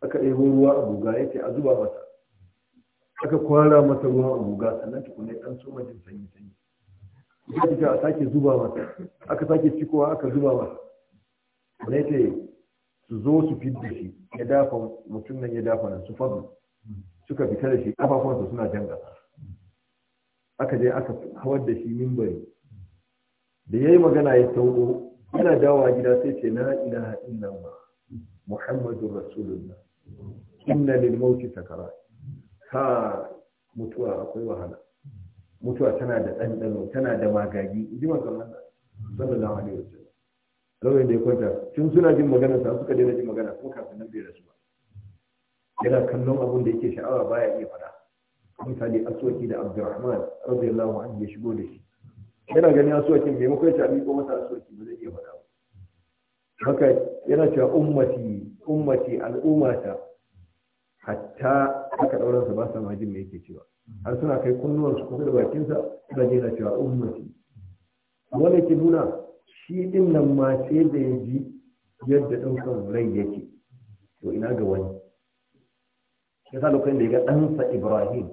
aka ɗebo ruwa a guga ya ce a zuba masa aka kwara masa ruwa a guga sannan tukuna ya ɗan soma jin sanyi sanyi ya ce a sake zuba masa aka sake cikowa aka zuba masa wani ya ce su zo su fidda shi ya dafa mutum nan ya dafa nan su fadu suka fita da shi kafafunsa suna jan ƙasa aka je aka hawar da shi mimbari da ya yi magana ya tauro yana a gida sai ce na ilaha illallah muhammadur rasulullah inna lil mauti sakara. ha mutuwa akwai wahala mutuwa tana da ɗanɗano tana da magagi ji man kamar da sallallahu alaihi wasallam lauyan da ya kwanta tun suna jin magana sa suka daina jin magana kuma kafin nan bai rasu yana kallon abin da yake sha'awa baya iya fada misali aswaki da abdurrahman radiyallahu anhu ya shigo da shi yana ganin aswakin maimakon ya ko masa aswaki ba zai iya fada haka yana cewa ummati ummati al'ummata hatta haka ɗauransa ba sa majin me yake cewa har suna kai su kuma da bakinsa suna je na cewa ummati wanda ke nuna shi din nan ma sai da ya ji yadda ɗaukan rai yake to ina ga wani ya sa lokacin da ya ga ɗansa ibrahim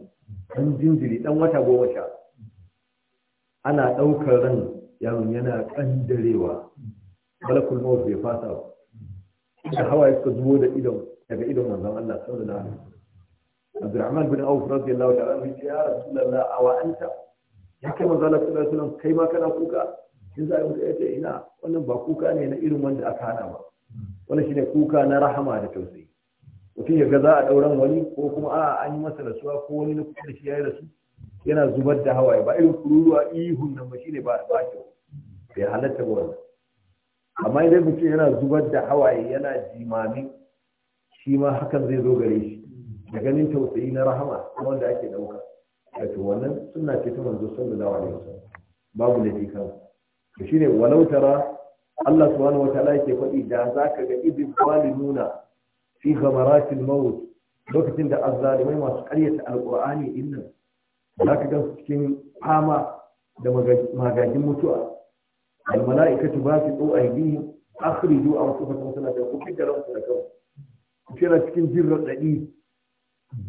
ɗan jinjiri ɗan wata goma sha ana ɗaukar ran yaron yana ƙandarewa malakul mawut bai fasa ba da hawaye suka zubo da idon daga idon manzon Allah sallallahu alaihi wasallam Abdurrahman bin Auf radiyallahu ta'ala anhu ya Rasulullah awa anta ya kai manzon Allah sallallahu alaihi wasallam kai ma kana kuka in za ka yace ina wannan ba kuka ne na irin wanda aka hana ba wannan shine kuka na rahama da tausayi mutum ya ga za a ɗauran wani ko kuma a an yi masa rasuwa ko wani na kuma da shi ya yi rasu yana zubar da hawaye ba irin kururuwa ihun nan ba shine ba ba kyau bai halatta ba wannan amma idan mutum yana zubar da hawaye yana jimami shi ma hakan zai zo gare shi da ganin tausayi na rahama wanda ake ɗauka wato wannan suna ce ta manzo sallallahu alaihi wasallam babu da kan to shine walau tara Allah subhanahu wataala yake faɗi da zaka ga idin nuna fi ghamaratil maut lokacin da azzalimai masu karyata alqur'ani din nan zaka ga cikin fama da magajin mutuwa al Akhri basitu a wasu anfusakum suna da ku fitar ranku da kanku kira cikin jin raɗaɗi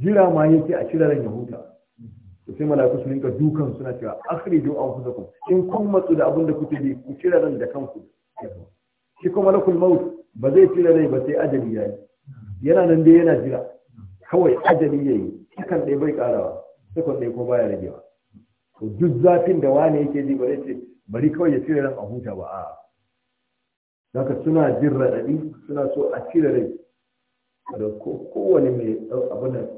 jira ma yake a cire ran yahuda sai mala'iku su rinka dukan suna cewa wasu anfusakum in kun matsu da abin da kuke yi ku cire ran da kanku shi kuma lakul maut ba zai cire rai ba sai ajali ya yi? yana nan dai yana jira kawai ajali ya yi sakan ɗaya bai ƙarawa sakan ɗaya ko baya ragewa to duk zafin da wani yake ji ba ce bari kawai ya cire ran a huta ba a daga suna jin raɗaɗi suna so a cire rai da kowane mai eh, abin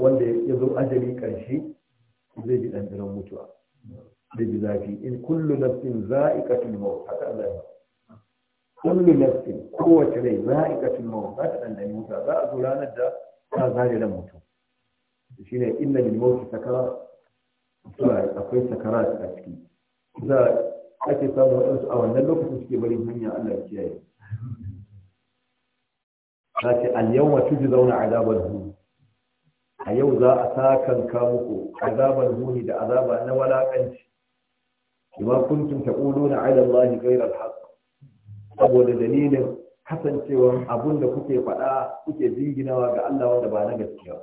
wanda ya zo ajali ƙarshe zai ji ɗanɗanon mutuwa zai ji zafi in kullu nafsin za'iqatul maut haka Allah kullu nafsin kowace rai za'iqatul maut za ta dandani mutuwa za a zo ranar da ta zare da mutum shine inna lil maut sakara akwai sakarat a ciki za ake samun waɗansu a wannan lokacin suke barin hanya Allah ya kiyaye za ce al-yawma zauna adabal hun a yau za a sakanka muku azabal huni da azaba na walakanci bima kuntum taquluna ala Allahi, ghayra al-haqq saboda dalilin kasancewan abun da kuke faɗa kuke jinginawa ga Allah wanda ba na gaskiya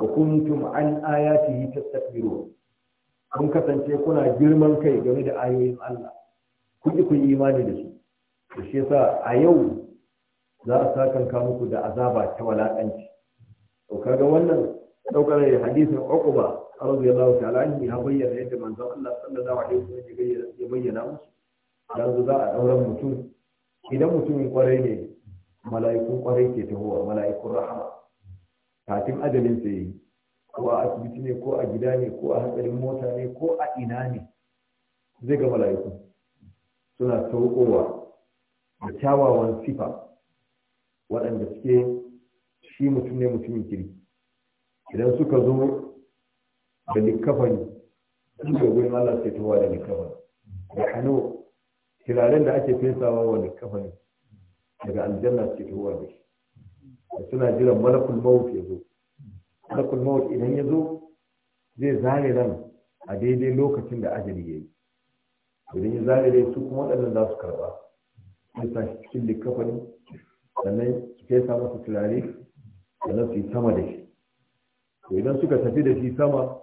ba kuntum an ayatihi tastakbirun kun kasance kuna girman kai game da ayoyin Allah kun ku yi imani da su to shi yasa a yau za a sakanka muku da azaba ta walakanci to kaga wannan daukar hadisin Uqba radiyallahu ta'ala an ya bayyana yadda manzon Allah sallallahu alaihi wasallam ya bayyana musu yanzu za a ɗauran mutum idan mutumin kwarai ne mala'ikun kwarai ke tahowa mala'ikun rahama kafin ajalin sa yi ko a asibiti ne ko a gida ne ko a hatsarin mota ne ko a ina ne zai ga mala'iku suna saukowa da kyawawan sifa waɗanda suke shi mutum ne mutumin kiri idan suka zo da sun ga gudun Allah sai tahowa da likafani da hannu kiraren da ake fesawa wani likafani daga aljanna ke tuwa da shi suna jiran malakul maut ya zo malakul maut idan ya zo zai zare nan a daidai lokacin da ajali ya yi idan ya zare dai su kuma waɗannan za su karɓa su sa shi cikin likafani sannan su fesa masa turare sannan su yi sama da shi to idan suka tafi da shi sama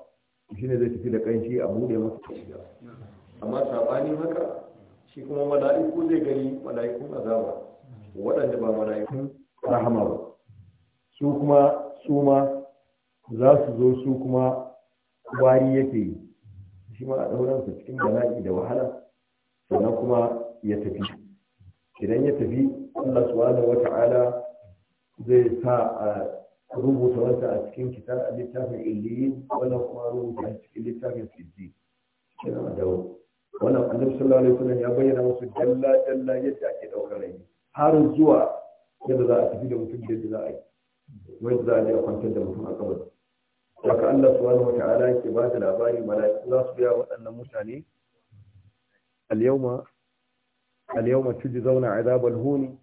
shine zai tafi da ƙanshi a buɗe masa amma saɓanin haka shi kuma mala'iku zai gani mala'ikun azaba waɗanda ba mala'ikun rahama ba su kuma su ma za su zo su kuma wari yake yi shi ma a cikin bala'i da wahala sannan kuma ya tafi idan ya tafi Allah subhanahu wata'ala zai sa a rubuta wata a cikin kitab a littafin illiyin wannan kuma rubuta a cikin littafin sijji wannan annabi sallallahu alaihi wasallam ya bayyana musu dalla dalla yadda ake daukar rai har zuwa yadda za a tafi da mutum yadda za a yi wanda za a je a kwantar da mutum a kabari haka Allah subhanahu wata'ala yake ba da labari mala'iku za su biya waɗannan mutane al-yawma al-yawma tujzauna 'adabal huni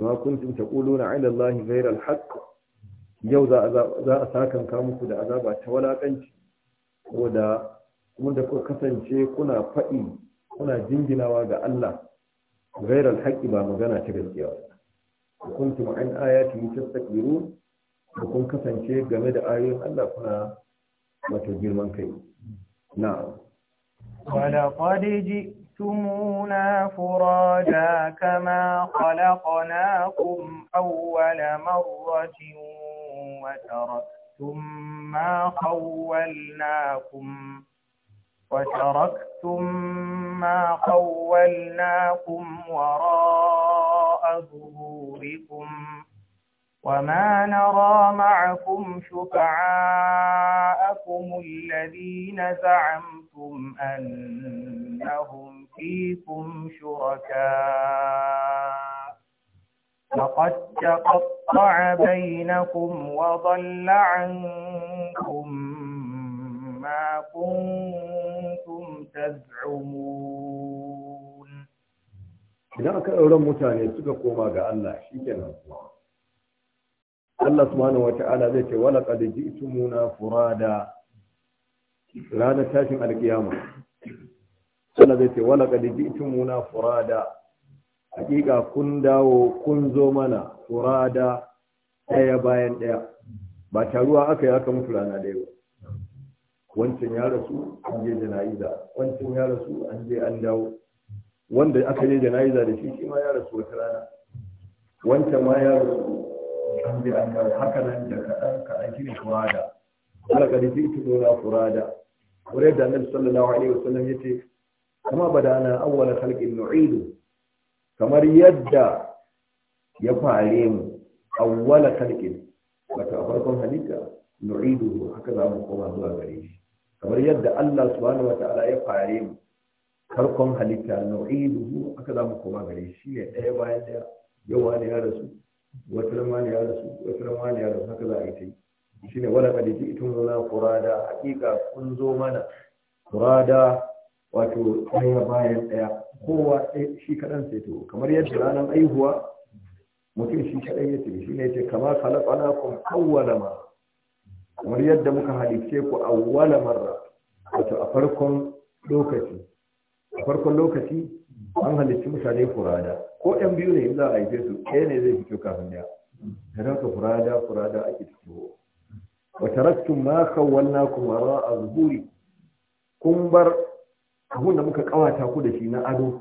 ma kuntum taquluna 'ala Allahi ghayra al-haqq yau za a sakan ka muku da azaba ta walakanci ko da kuma kuka kasance kuna faɗi kuna jinginawa ga Allah gairar haƙƙi ba magana ta gaskiya ba kun tuma an ayati ta tsakiru da kun kasance game da ayoyin Allah kuna wata girman kai na wala qadiji tumuna furada kama khalaqnakum awwal marratin wa taraktum ma khawwalnakum وتركتم ما خولناكم وراء ظهوركم وما نرى معكم شفعاءكم الذين زعمتم أنهم فيكم شركاء لقد تقطع بينكم وضل عنكم ما كنتم تزعمون idan aka ɗauran mutane suka koma ga Allah shi kenan kuwa Allah subhanahu ta'ala zai ce wala qad ji'tumuna furada ranar tashin alƙiyama. Allah zai ce wala qad ji'tumuna furada hakika kun dawo kun zo mana furada ɗaya bayan ɗaya ba taruwa aka yi aka mutu rana ɗaya ba wancan ya rasu an je jana'iza wancan ya rasu an je an dawo wanda aka je jana'iza da shi shi ma ya rasu wata rana wancan ma ya rasu an je an dawo haka nan da kaɗan kaɗan shi ne furada ala ƙarfi ita nuna furada wani yadda annabi sallallahu alaihi wasallam ya ce kama badana awwala khalqin nu'idu kamar yadda ya fare mu awwala khalqin wato a farkon halitta nu'idu haka za mu koma zuwa gare shi kamar yadda Allah subhanahu wata'ala ya fare mu karkon halitta nau'iduhu aka za mu koma gare shi ne ɗaya bayan ɗaya yau wani ya rasu wata ne ya rasu wata ne ya rasu haka za a yi ta yi shi ne wani kadiji ita muna kurada hakika kun zo mana kurada wato ɗaya bayan ɗaya kowa shi kaɗan sai to kamar yadda ranar aihuwa mutum shi kaɗan ya ce shi ne ce kama kalaƙana kun awwala ma kamar yadda muka halice ku a wala marra wato a farkon lokaci a farkon lokaci an halicci mutane furada ko 'yan biyu ne za a haife su ɗaya ne zai fito kafin ya. da ka furada furada ake fito wa taraktum ma khawwalnakum a zuburi. kun bar abun da muka kawata ku da shi na ado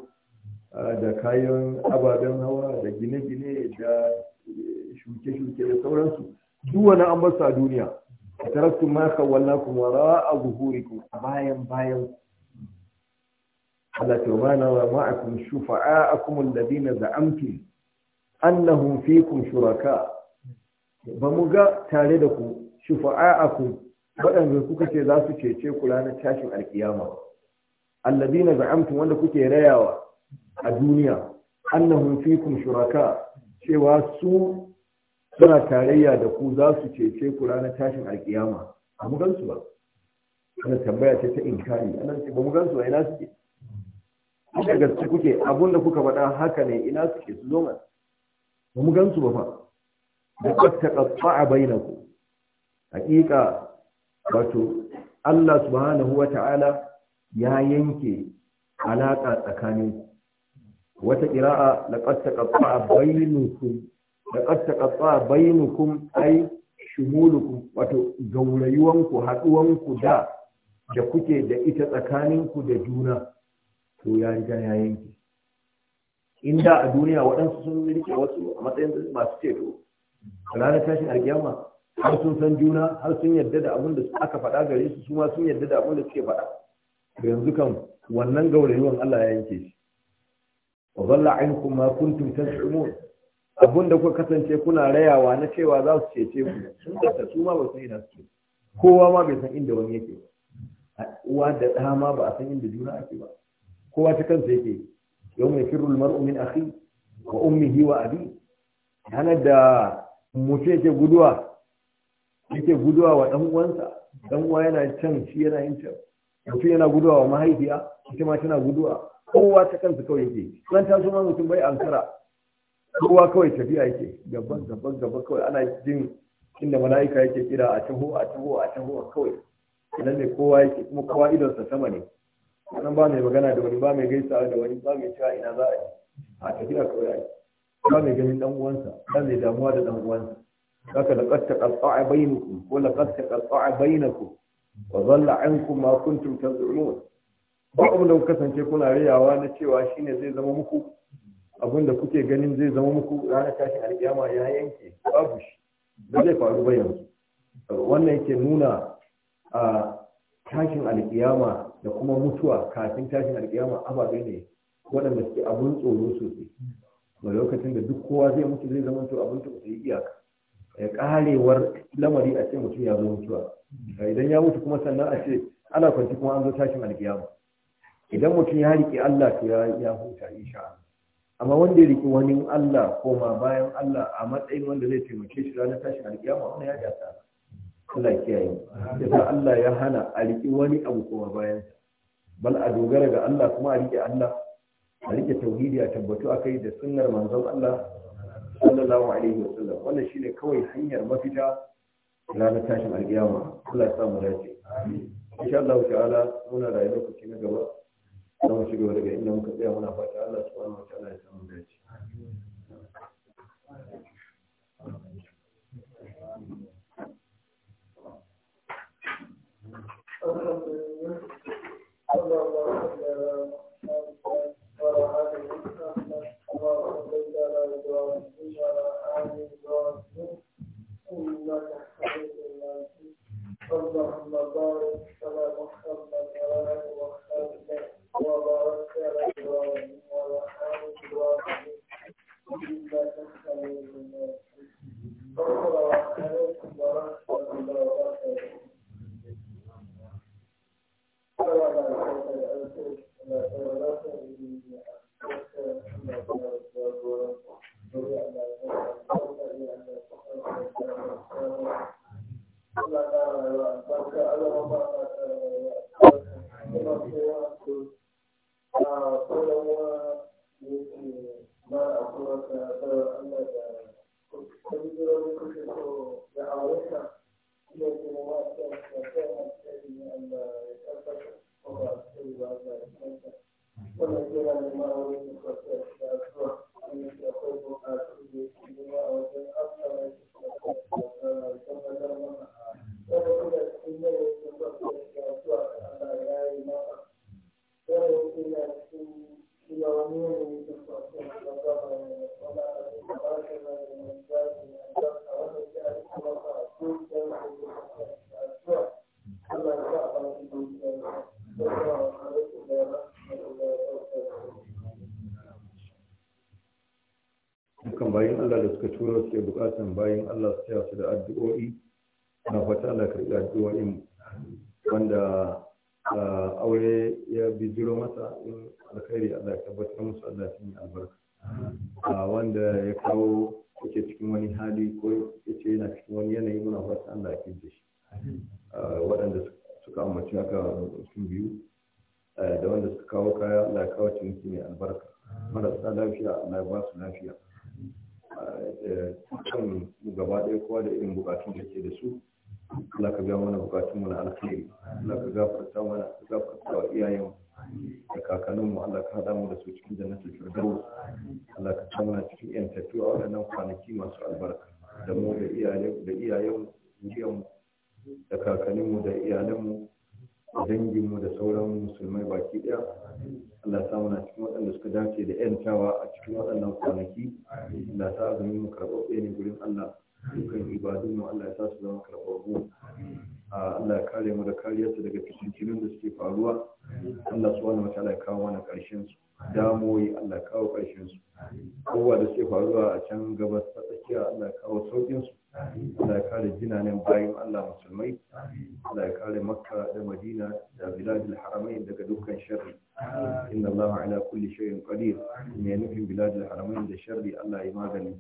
da kayan ababen hawa da gine-gine da eh, shuke-shuke da sauransu duk wani an basu a duniya taraktu ma khawallakum wara'a zuhurikum bayan bayan Allah ta ma na wa ma'akum shufa'akum alladhina za'amtum annahum fikum shuraka ba mu ga tare da ku shufa'akum waɗanda kuka ce za su cece ku ranar tashin alkiyama alladhina za'amtum wanda kuke rayawa a duniya annahum fikum shuraka cewa su suna tarayya da ku za su cece ku ranar tashin alkiyama a mu gansu ba ana tambaya ce ta inkari ana ce ba mu gansu ba ina suke haka gaske kuke abun da kuka faɗa haka ne ina suke su zo ma ba mu gansu ba fa da kwatta kafa a bainaku hakika wato Allah subhanahu wa ta'ala ya yanke alaƙa tsakanin wata ƙira'a laƙar ta ƙafa a bainaku da qatta qatta bainukum ay shumulukum wato gaurayuwanku haɗuwanku da da kuke da ita tsakaninku da juna to ya riga ya yanke inda a duniya waɗansu sun rike wasu a matsayin masu ceto a ranar tashin alkiyama har sun san juna har sun yarda da abin da aka faɗa gare su su ma sun yarda da abin da suke faɗa to yanzu kan wannan gaurayuwan Allah ya yanke shi wa zalla ainihin ma kuntum tas'umun abun da kuka kasance kuna rayawa na cewa za su cece ku sun da su ma ba san ina suke kowa ma bai san inda wani yake uwa da ɗa ma ba a san inda juna ake ba kowa ta kansa yake yau mai firul mar'u min akhi wa ummihi wa abi ranar da mutum yake guduwa yake guduwa wa ɗan uwansa ɗan uwa yana can shi yana yin can mutum yana guduwa wa mahaifiya ita ma tana guduwa kowa ta kansa kawai yake ran ta zo ma mutum bai ankara kowa kawai tafiya yake gaban gaban gaban kawai ana jin inda mala'ika yake kira a taho a taho a taho kawai idan ne kowa yake kuma kowa idonsa sama ne nan ba mai magana da wani ba mai gaisa da wani ba mai cewa ina za a yi a tafiya kawai a yi ba mai ganin dan uwansa ba mai damuwa da dan uwansa haka laqad taqatta'a bainakum ko laqad taqatta'a bainakum wa dhalla 'ankum ma kuntum tad'un ba abin da kasance kuna rayawa na cewa shine zai zama muku abin da kuke ganin zai zama muku ranar tashin alkiyama ya yanke babu shi ba zai faru ba yanzu wannan yake nuna a tashin alkiyama da kuma mutuwa kafin tashin alkiyama ababe ne waɗanda suke abun tsoro sosai ba lokacin da duk kowa zai mutu zai zama to abin tsoro sai iyaka ya karewar lamari a ce mutum ya zo mutuwa idan ya mutu kuma sannan a ce ana kwanci kuma an zo tashin alkiyama idan mutum ya riƙe Allah to ya huta insha Allah amma wanda ya riki wani Allah ko ma bayan Allah a matsayin wanda zai taimake shi ranar tashin alkiyama wani ya gasa Allah kiyaye yasa Allah ya hana a riki wani abu ko ma bayan bal a dogara ga Allah kuma a riƙe Allah a riƙe tauhidi a tabbatu kai da sunnar manzon Allah sallallahu alaihi sallam wannan shine kawai hanyar mafita ranar tashin alkiyama Allah ya samu dace insha Allah ta'ala muna rayuwa ku na gaba za mu shiga daga inda muka tsaya muna fata Allah subhanahu wa ta'ala ya samu dace Thank you. dukkan bayan Allah da suka turo suke bukatan bayan Allah su taya su da addu'o'i na fata Allah karɓi addu'o'in wanda aure ya bijiro masa in alkhairi Allah ya tabbatar musu Allah ya yi albarka wanda ya kawo yake cikin wani hali ko yace yana cikin wani yanayi muna fata Allah ya kinje shi waɗanda suka suka ambaci aka su biyu eh, da wanda suka kawo kaya Allah ya kawo ciniki mai albarka marasa lafiya Allah ya ba su lafiya eh, eh, kan gaba ɗaya kowa da irin bukatun da ke da su Allah ka biya mana bukatun mu na alkhairi Allah ka gafarta mana ka gafarta wa iyayen da kakannin mu Allah ka hada mu da su cikin jannatin firdaus Allah ka sa mana cikin yan tafiya waɗannan kwanaki masu albarka da mu da iyayen da iyayen mu da kakanninmu, da iyalanmu da danginmu da sauran musulmai baki ɗaya. Allah ta muna cikin waɗanda suka dace da yantawa a cikin waɗannan kwanaki Allah ta azumin mu karɓaɓɓe ne gurin Allah dukkan ibadun Allah ya sa su zama karɓaɓɓu Allah ya kare mu da kariyarsa daga fitintunan da suke faruwa Allah mata Allah ya kawo mana ƙarshen su damoyi Allah ya kawo ƙarshen su Kowa da suke faruwa a can gabas ta tsakiya Allah ya kawo sauƙin su Allah ya kare jinanen bayan Allah musulmai Allah ya kare makka da madina da biladul haramai daga dukkan sharri inna Allah ala kulli shay'in qadir Me nufin biladul haramai da sharri Allah ya magani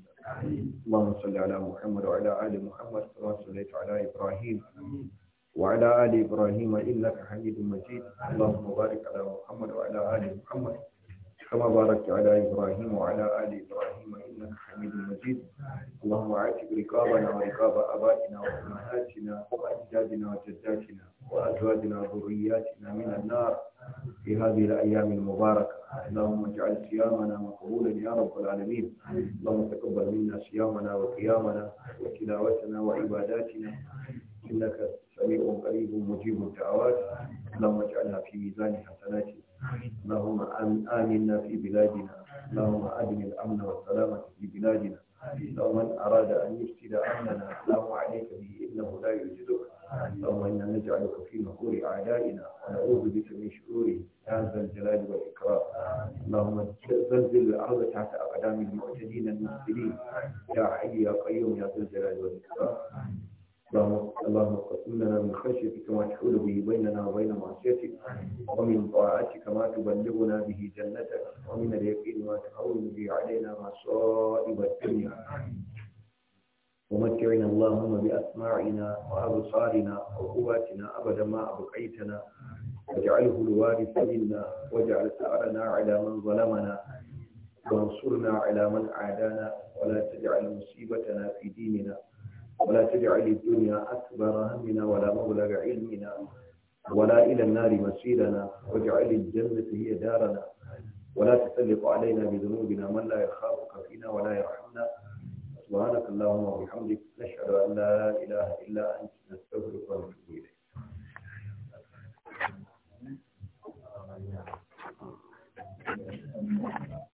Allahumma salli ala Muhammad wa ala ali Muhammad kama sallaita ala Ibrahim wa ala ali وعلى آل إبراهيم إنك حميد مجيد اللهم بارك على محمد وعلى آل محمد كما باركت على إبراهيم وعلى آل إبراهيم إنك حميد مجيد اللهم عاتب رقابنا ورقاب آبائنا وأمهاتنا وأجدادنا وجداتنا وأزواجنا وذرياتنا من النار في هذه الأيام المباركة اللهم اجعل صيامنا مقبولا يا رب العالمين اللهم تقبل منا صيامنا وقيامنا وتلاوتنا وعباداتنا إنك سميع قريب مجيب الدعوات اللهم اجعلها في ميزان حسناتنا اللهم آمنا في بلادنا اللهم أدم الأمن والسلامة في بلادنا اللهم من أراد أن يفتد أمننا لا عليك به إنه لا يجزك اللهم إنا نجعلك في مكور أعدائنا ونعوذ بك من شرورهم يا ذا الجلال والإكرام اللهم زلزل الأرض تحت أقدام المعتدين المسلمين يا حي يا قيوم يا ذا الجلال والإكرام اللهم اقسم لنا من خشيتك ما تحول به بيننا وبين معصيتك ومن طاعتك ما تبلغنا به جنتك ومن اليقين ما تحول به علينا مصائب الدنيا ومتعنا اللهم بأسماعنا وأبصارنا وقواتنا أبدا ما أبقيتنا واجعله الوارث منا واجعل ثأرنا على من ظلمنا وانصرنا على من عادانا ولا تجعل مصيبتنا في ديننا ولا تجعل الدنيا أكبر همنا ولا مبلغ علمنا ولا إلى النار مسيرنا واجعل الجنة هي دارنا ولا تسلط علينا بذنوبنا من لا يخافك فينا ولا يرحمنا سبحانك اللهم وبحمدك نشهد أن لا إله إلا أنت نستغفرك ونتوب إليك Thank you.